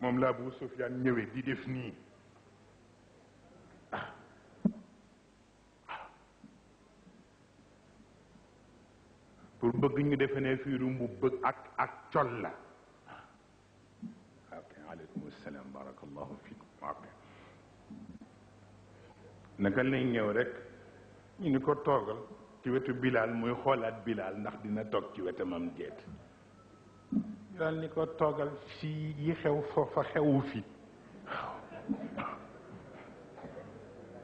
mom la bu Sofiane ñewé di def ni pour bëgg ñu defe ne fii mu bëgg ak ak ciol la ok aleykum salaam barakallahu fikum ok naka lay ñëw rek ñu ko togal ci wetu Bilal muy xolaat Bilal ndax dina tok ci wetam am jeet dal ni ko toogal fii yi xew foofa xewu fi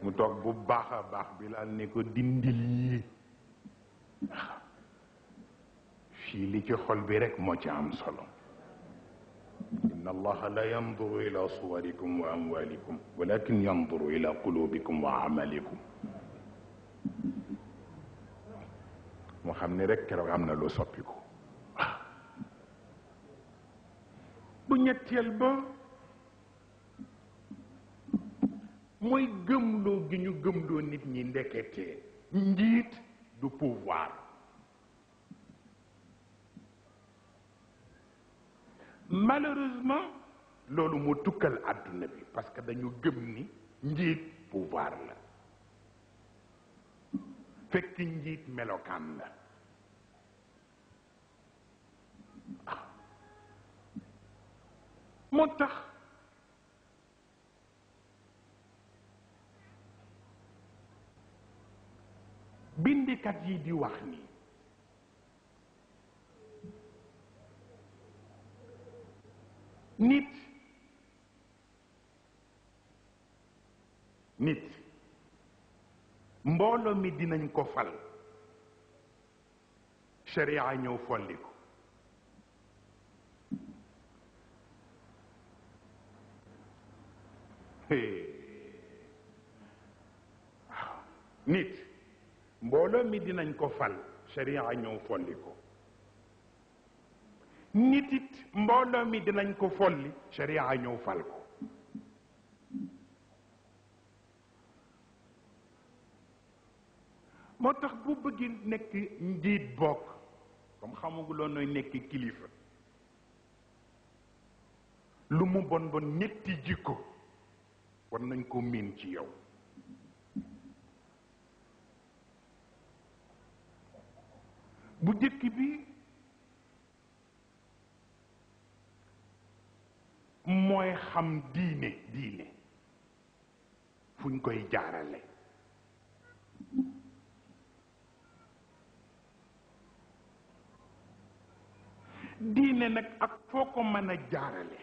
mu toog bu baax a baax bi laal ni ko dindil yi fii li ci xol bi rek moo ci am solo inna allaha la yanduru ila suwarikum wa amwalikum walakin yanduru ila qulubikum wa amalikum mu xam ni rek keroog am na lu soppiku bu ñetteel ba mooy gëmloo gi ñu gëmloo nit ñi ndekete njiit du pouvoir malheureusement loolu moo tukkal àdduna bi parce que dañu gëm ni njiit pouvoir la fekk njiit melokaan la moo tax bindikat yi di wax ni nit nit mbooloo mi dinañ ko fal sharia ñëw folli ko waaw nit mbooloo mi dinañ ko fal sharia ñëw folli ko nit mbooloo mi dinañ ko folli sharia ñëw fal ko moo tax bu bëgg nekk njiit bokk comme xamaguloo nooy nekk kilifa lu mu bon bon ñetti jikko war nañ koo miin ci yow bu jëkk bi mooy xam diine diine fuñ koy jaarale diine nag ak foo ko mën a jaarale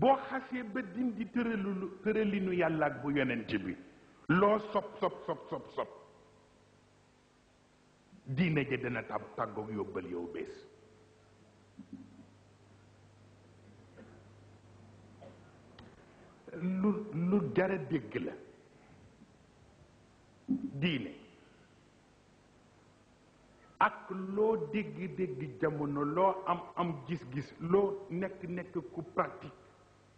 boo xasee ba dindi tëralinu tëralinu yàlla ak bu yonent bi loo sob sob sob sob sob diine ja dana tab tàggoog yóbbal yow bees lu lu jara dégg la diine ak loo dégg dégg jamono loo am am gis-gis loo nekk nekk ku pratique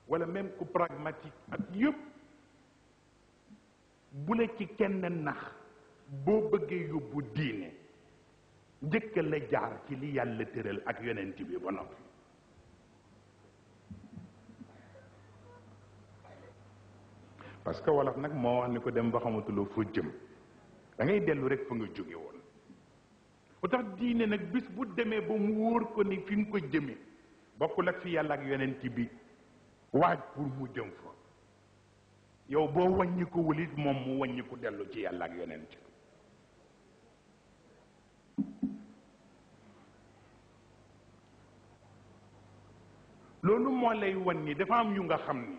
wala même ku pragmatique ak yëpp bu la ci kenn nax boo bëggee yóbbu diine de la jaar ci li yàlla tëral ak yonent bi ba noppi parce que wolof nag moo wax ni ko dem ba xamatuloo jëm da ngay dellu rek fa nga jóge woon tax diine nag bu demee ba mu wóor ko ni fi ko bokkul ak fi yàlla ak yonent bi waaj pour mu jëm fa yow boo wàññi ko moom mu wàññi dellu ci yàlla ak yonent loolu moo lay wan ni dafa am yu nga xam ni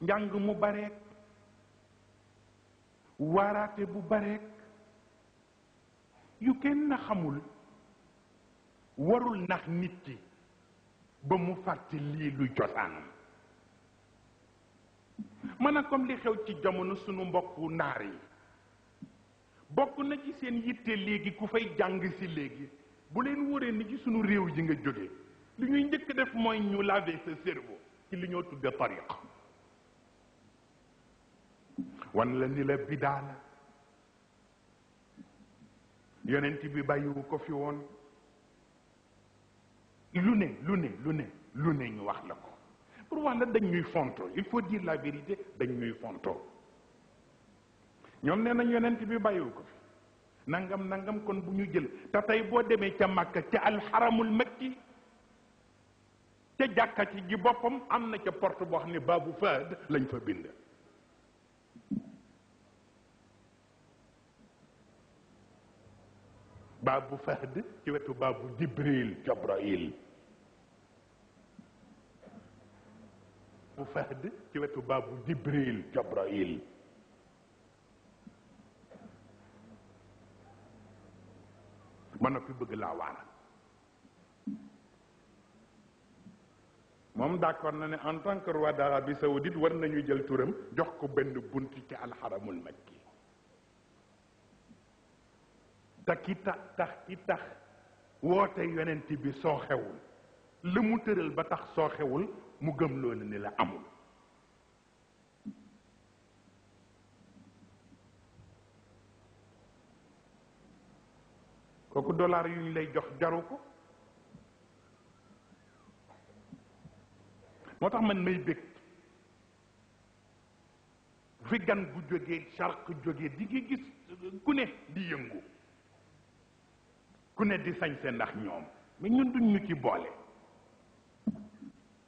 njàng mu bareek waraate bu bareek yu kenn xamul warul nax nit ki ba mu fàtte lii lu cosaanam maanaam comme li xew ci jamono sunu mbokk naar yi bokk na ci seen yitte léegi ku fay jàng ci léegi bu leen wóoree ni ci sunu réew yi nga jóge li ñuy njëkk def mooy ñu laver sa cerveau ci li ñoo tudde tariq wan la ni la bidaa la yonent bi bàyyiwu ko fi woon lu ne lu ne lu ne ñu wax la ko pour wax la dañ ñuy fontoo il faut dire la vérité dañ ñuy fontoo ñoom ne nañ yonent bi bàyyiwu ko fi nangam nangam kon bu ñu jël te tey boo demee ca màkka ca alxaramul makki ca jàkka ji boppam am na ca porte boo xam ne baabu faad lañ fa bind baabu faad ci wetu baabu jibril jabrail bu fahd ci wetu babu jibril jabrail man fi bëgg la waara moom d'accord na ne en tant que roi d'Arabie saoudite war nañu jël turam jox ko benn bunt ci alxaramul makki te ki tax tax ki tax woote yonent bi soo xewul la mu tëral ba tax soo xewul mu gëm loolu ni la amul kooku dollar yu ñu lay jox jaru ko moo tax man may bég fi gan gu jógee charq jógee di gis ku ne di yëngu ku ne di sañse ndax ñoom mais ñun duñ ñu ci boole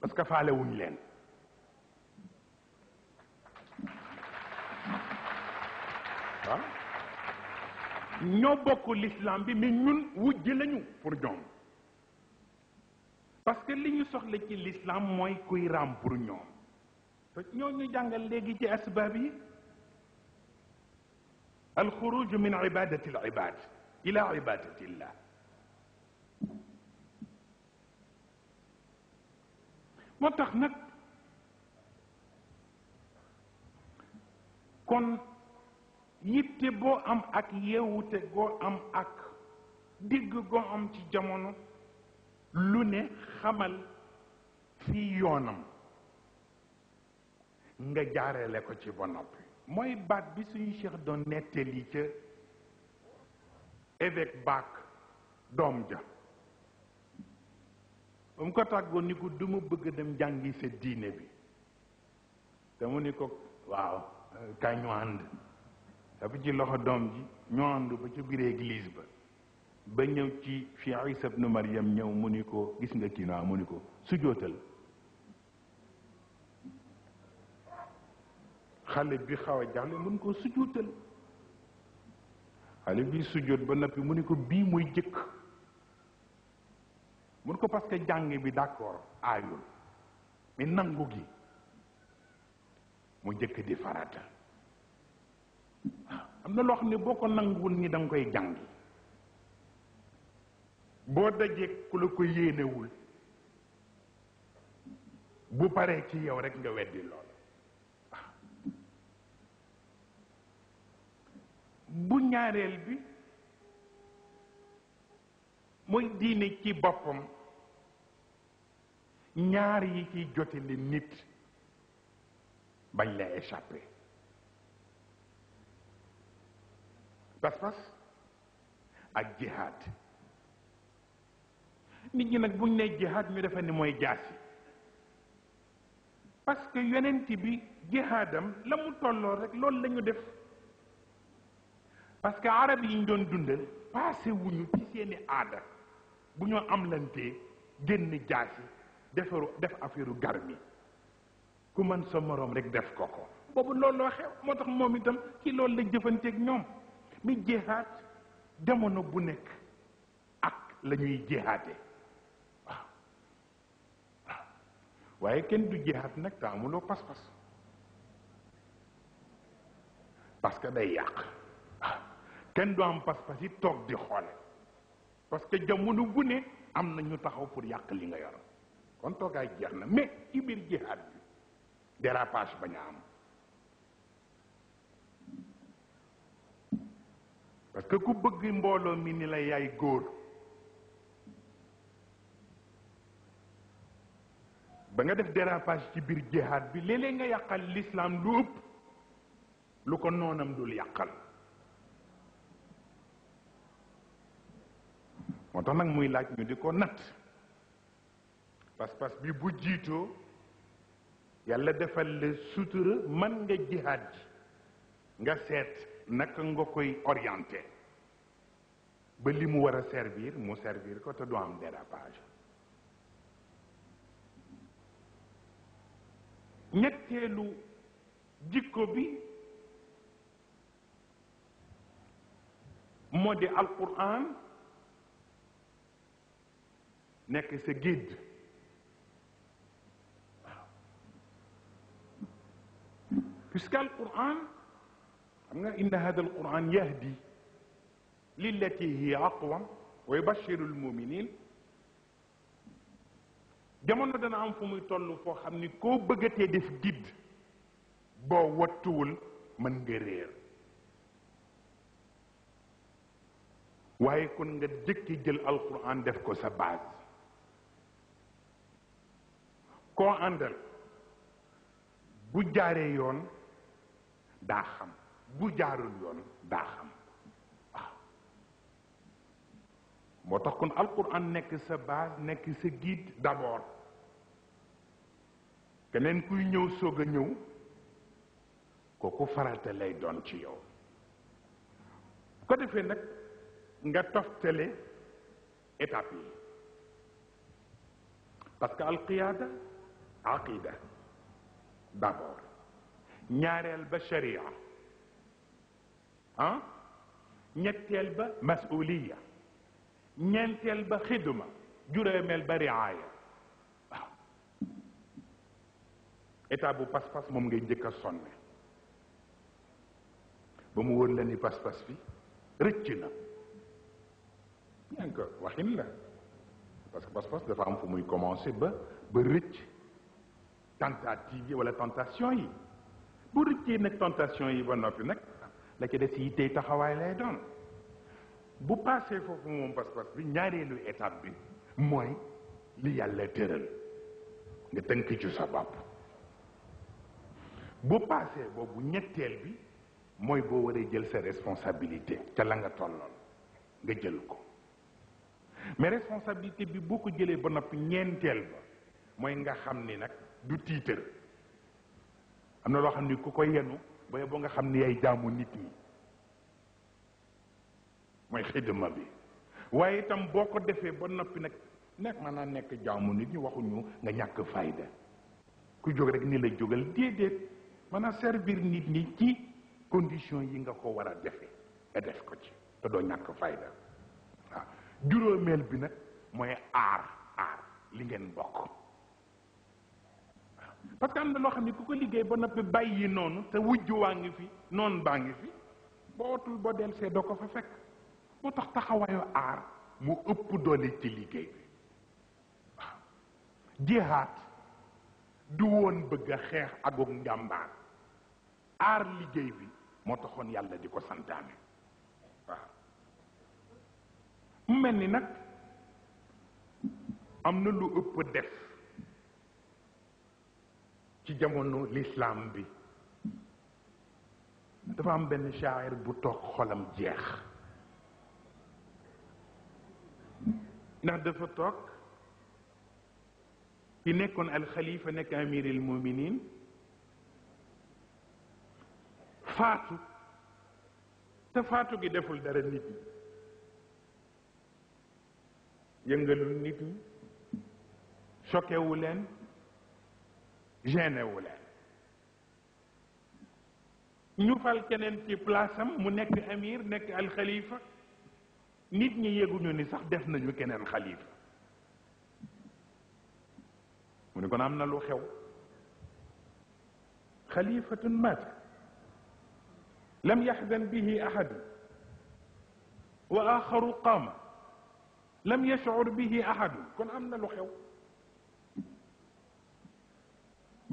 اتكفى على ولان نوبوكو الاسلام بي مي نون وجي لانيو فور جون باسكو لي ني سوخلا سي الاسلام موي كوي رام بور نيوم تو نيو ني جانغال ليغي سي اسباب الخروج من عباده العباد الى عباده الله ba tax nag kon yitte boo am ak yeewute goo am ak digg goo am ci jamono lu ne xamal fii yoonam nga jaarale ko ci ba noppi mooy baat bi suñu cheikh doon nettali ca évêque baak doom ja ba mu ko tàggoon ni ko du ma bëgg dem jàngi sa diine bi te mu ni ko waaw kaay ñu ànd dafa ci loxo doom ji ñu ànd ba ci biir église ba ba ñëw ci fi Isa ibnu Maryam ñëw mu ni ko gis nga kii naa mu ni ko su jootal xale bi xaw a jaaxle mun ko su xale bi su ba noppi mu ni ko bii muy jëkk mun ko parce que jàng bi d'accord aayul mais nangu gi mu njëkk di farata am na loo xam ne boo ko nanguwul ni da koy jàngi boo dajee ku la ko yéenewul bu paree ci yow rekk nga weddi lool bu ñaareel bi mooy diine ci boppam ñaar yi ciy jotele nit bañ la échappé pas-pas ak jihaad nit ñi nag buñ nee jihaad ñu defe ni mooy jaasi parce que yonent bi jihaadam la mu tolloo rek loolu la def parce que arab yi ñu doon dundal passé wuñu ci seeni aada bu ñoo am lantee génn jaasi defaru def affaireu garmi ku man sa morom rek def koko. bobu non loolu xew motax tax moom itam ci loolu la ak ñom mi jihad demono bu nek ak lañuy jihadé waye ken waaw jihad kenn du jihaat nag te amuloo pas-pas parce que day yaq ken du am pas-pas yi tok di xoole parce que jamono bu ne am na ñu taxaw pour yaq li nga yor Quanto alla mek ibir jihad dera pas banyam parce que ku bëgg mbolo mi ni la yay goor ba nga def dérapage ci bir jihad bi lélé nga yakal l'islam lu upp lu ko nonam dul yakal moo tax muy laaj ñu diko nat pas-pas bi bu jiitoo yàlla defal la sutura mën nga jihaad ji nga seet naka nga koy orienté ba li mu war a servir mu servir ko te du am dérapage ñetteelu jikko bi moo di alquran nekk sa guide فسكال القران ان هذا القران يهدي للتي هي اقوى ويبشر المؤمنين جامونو دا نعم فمي تولو فو خامني كو بغاتي ديف جيد بو واتول من غرير waye kon nga jëkki jël alquran def ko sa base ko andal bu jaaré yoon da xam bu jaarul yoon da xam waaw tax kon alquran nek sa base nek sa guide d'abord kenen kuy ñew soga ñew ñëw kooku farata lay doon ci yow ko defé nak nga toftelé étape yi parce que alqiyada aqida d'abord ñaareel ba sharia ah ñetteel ba masuliya ñeenteel ba xidma juróomeel ba riaaya waaw état bu pas-pas moom ngay njëkk a sonne ba mu wóor la ni pas-pas bi rëcc na ñaangi ko waxin la parce que pas-pas dafa am fu muy commencé ba ba rëcc tentative yi wala tentation yi bu rëccee nag tentation yi ba noppi nak la ci ca des yittey taxaway lay don bu passé fofu moom pass pass bi ñaareelu étape bi moy li yalla tëral nga tënk ci sa bopp bu paasee boobu ñetteel bi moy bo waree jël sa responsabilité ca la nga tollon nga jël ko mais responsabilité bi boo ko jëlee ba noppi ñentel ba moy nga xamni nak du tiitër am na loo xam ni ku ko yenu booy nga xam ni ay jaamu nit ñi mooy xidma bi waaye itam boo ko defee ba noppi nag nekk maanaam nekk jaamu nit ñi waxuñu nga ñàkk fayda ku jóg rek ni la jógal déedéet maanaam servir nit ñi ci condition yi nga ko war a defee nga def ko ci te doo ñàkk fayda waaw juróomeel bi nag mooy aar aar li ngeen bokk parce am na loo xam ne ku ko liggéey ba noppi bàyyi noonu te wujj waa ngi fi noonu baa ngi fi boo otul boo del doo ko fa fekk moo tax taxawaayu aar mu ëpp doole ci liggéey bi waaw du woon bëgg xeex agug njàmbaar aar liggéey bi moo taxoon yàlla di ko santaane waaw mu mel ni nag am na lu ëpp def ci jamono l'islam bi dafa am benn shaayir bu toog xolam jeex ndax dafa toog ki nekkoon alxalifa nekk amir al muminin faatu te faatu gi deful dara nit ñi yëngalul nit ñi choqué wu leen جنة ولا نفعل كنن في بلاسم منك أمير نك الخليفة نتني يجون ينسق دفن يو كنن الخليفة منكون عمنا لو خو خليفة مات لم يحزن به أحد وآخر قام لم يشعر به أحد كن عمنا لو خو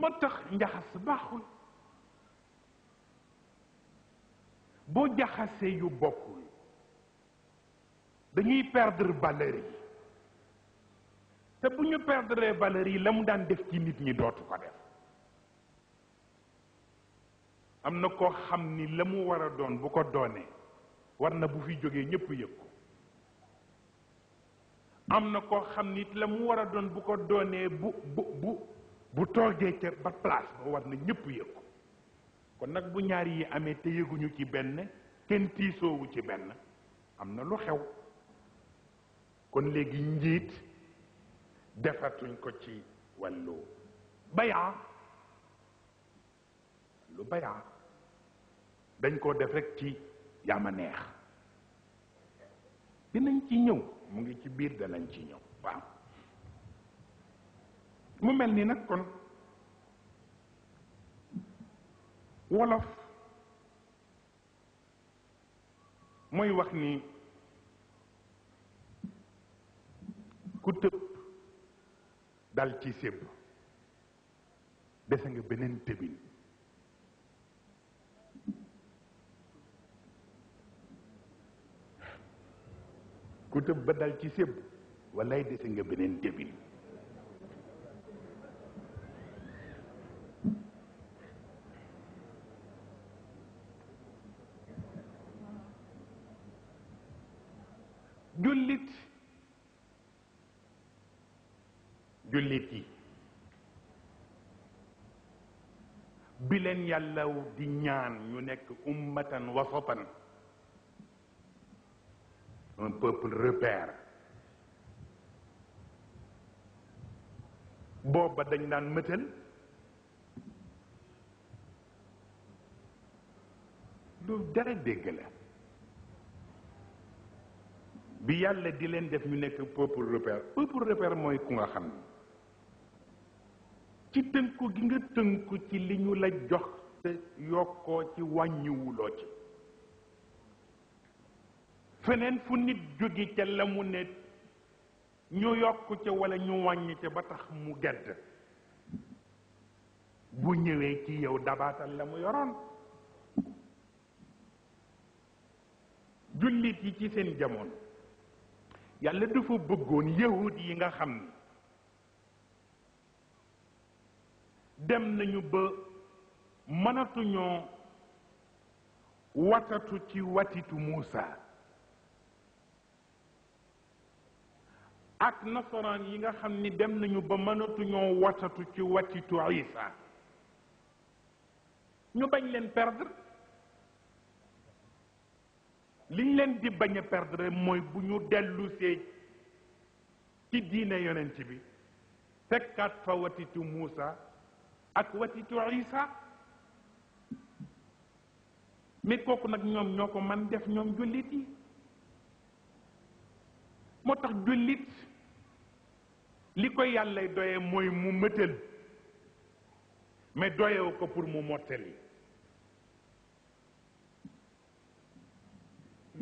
ma tax njaxas baaxul boo jaxasee yu bokkul dañuy perdre valeur te bu ñu perdre valeur yi la mu daan def ci nit ñi dootu ko def am na koo xam ni la mu war a doon bu ko doonee war na bu fi jógee ñépp yëg ko am na koo xam nit la mu war a doon bu ko doonee bu bu bu bu toogee ca ba place ba war na ñëpp yëg ko kon nag bu ñaar yi amee te yëguñu ci benn kenn tiisoowu ci benn am na lu xew kon léegi njiit defatuñ ko ci wàllu bayaa lu bayaa dañ koo def rekk ci yaama neex dinañ ci ñëw mu ngi ci biir danañ ci ñëw waaw mu mel ni nag kon wolof mooy wax ni ku tëb dal ci sébb dese nga beneen tëbin ku tëb ba dal ci sébb wallaay dese nga beneen tëbin jullit jullit yi bi yàlla di ñaan ñu nekk ummatan wasatan un peuple repère booba dañ daan mëtal lu dara dégg la bi yàlla di leen def ñu nekk peuple repère peuple repère mooy ku nga xam ni ci tënku gi nga tënku ci li ñu la jox te yokkoo ci wàññiwuloo ci feneen fu nit jóge ca la mu ne ñu yokk ca walla ñu wàññi ca ba tax mu gedd bu ñëwee ci yow dabaatal la mu yoroon jullit yi ci seen jamono yàlla dafa bëggoon yahud yi nga xam ni dem nañu ba mënatuñoo watatu ci watitu Muusa ak nasaraan yi nga xam ni dem nañu ba mënatuñoo watatu ci watitu Isa ñu bañ leen perdre liñ leen di bañ a perdre mooy bu ñu dellusee ci diine yonent bi fekkaat fa watitu Muusa ak watitu Isa mais kooku nag ñoom ñoo ko man def ñoom jullit yi moo tax jullit li ko yàllay doye mooy mu mëtal mais doyewu ko pour mu yi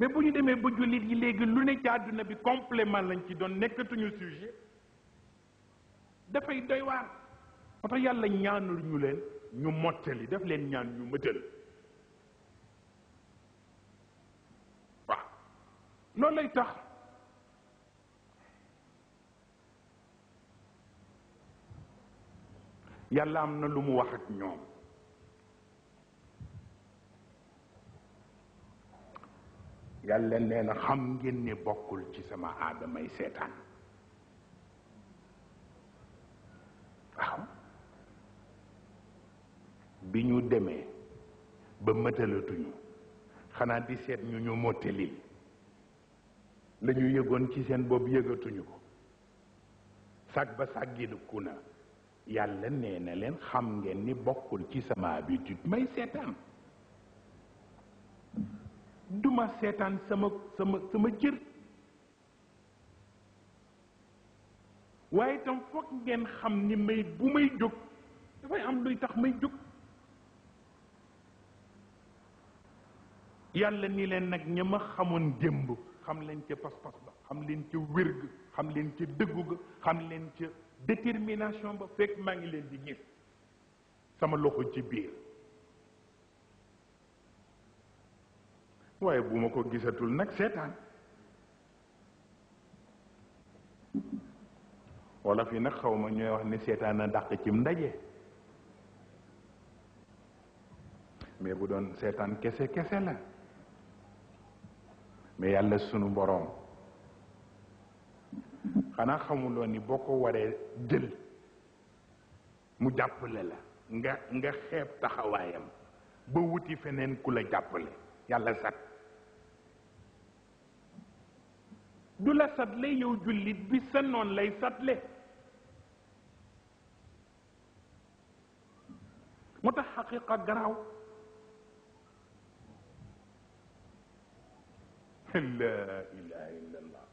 mais pour ñu demee ba yi complément, lu ne ci bi complément lañ ci sujet dafay doy waar moo tax ñaanul ñu leen ñu mottali daf leen ñaan ñu mëtal waaw Non, lay tax des lu mu wax yàlla nee na xam ngeen ni bokkul ci sama aadamay seetaan bi ñu demee ba mëtalatuñu xanaa di seet ñu ñu mottalil la ñu yëgoon ci seen bopp yëgatuñu ko sag ba sàggiku na yàlla nee na leen xam ngeen ni bokkul ci sama habitude may seetaan duma setan sama sama sama jër waye tam fokk ngeen xam ni may bu may jóg dafay am luy tax may jóg yàlla ni leen nag ña ma xamoon démb xam leen ca pas-pas ba xam leen ca wér xam leen ca dëggu ga xam leen ca détermination ba fekk maa ngi leen di gis sama loxo ci biir waye buma ko gisatul nak setan wala fi nak xawma ñoy wax ni setan na dakk ci ndaje mais bu doon setan kesse kesse la mais yàlla sunu boroom xanaa xamuloo ni boko waré waree mu jàppale la nga nga xép taxawayam ba wuti fenen kula jàppale yàlla sat du la satle yow jullit bi sa noon lay satle mu tax xaqiqa garaaw la ilaha illa allah